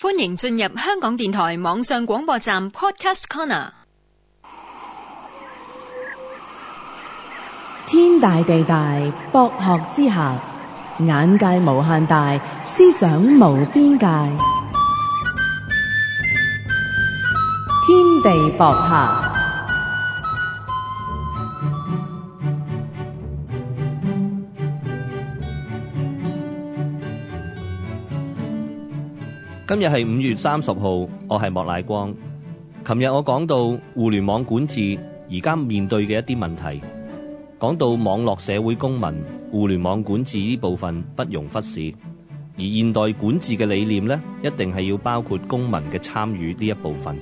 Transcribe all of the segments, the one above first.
歡迎進入香港電台網上廣播站 Podcast Corner。天大地大，博學之下，眼界無限大，思想無邊界。天地博客。今日係五月三十號，我係莫乃光。琴日我講到互聯網管治而家面對嘅一啲問題，講到網絡社會公民、互聯網管治呢部分不容忽視。而現代管治嘅理念呢，一定係要包括公民嘅參與呢一部分。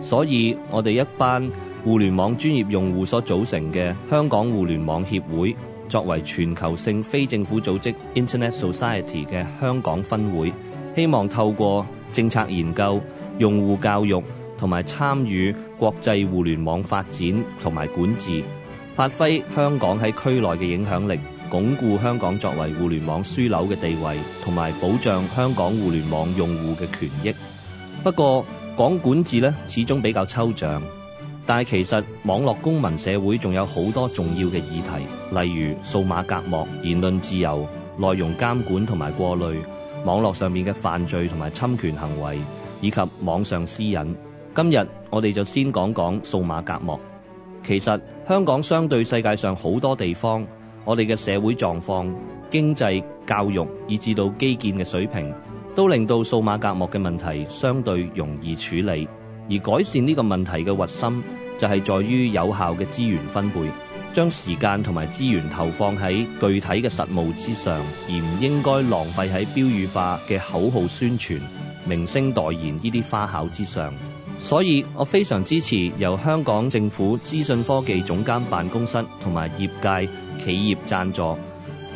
所以，我哋一班互聯網專業用戶所組成嘅香港互聯網協會，作為全球性非政府組織 Internet Society 嘅香港分會。希望透過政策研究、用戶教育同埋參與國際互聯網發展同埋管治，發揮香港喺區內嘅影響力，鞏固香港作為互聯網樞紐嘅地位，同埋保障香港互聯網用戶嘅權益。不過，講管治呢始終比較抽象，但係其實網絡公民社會仲有好多重要嘅議題，例如數碼隔膜、言論自由、內容監管同埋過濾。網絡上面嘅犯罪同埋侵權行為，以及網上私隱。今日我哋就先講講數碼隔膜。其實香港相對世界上好多地方，我哋嘅社會狀況、經濟、教育，以至到基建嘅水平，都令到數碼隔膜嘅問題相對容易處理。而改善呢個問題嘅核心，就係在於有效嘅資源分配。將時間同埋資源投放喺具體嘅實務之上，而唔應該浪費喺標語化嘅口號宣傳、明星代言呢啲花巧之上。所以我非常支持由香港政府資訊科技總監辦公室同埋業界企業贊助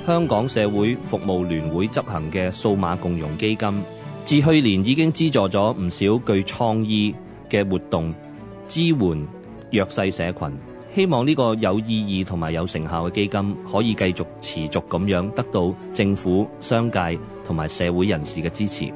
香港社會服務聯會執行嘅數碼共融基金，自去年已經資助咗唔少具創意嘅活動，支援弱勢社群。希望呢個有意義同埋有成效嘅基金可以繼續持續咁樣，得到政府、商界同埋社會人士嘅支持。